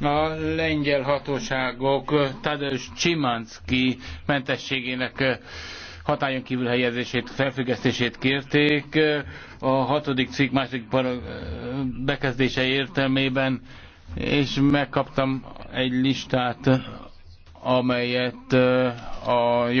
a lengyel hatóságok Tadeusz Csimanszki mentességének eh, hatályon kívül helyezését, felfüggesztését kérték. Eh, a hatodik cikk második eh, bekezdése értelmében, és megkaptam egy listát, amelyet a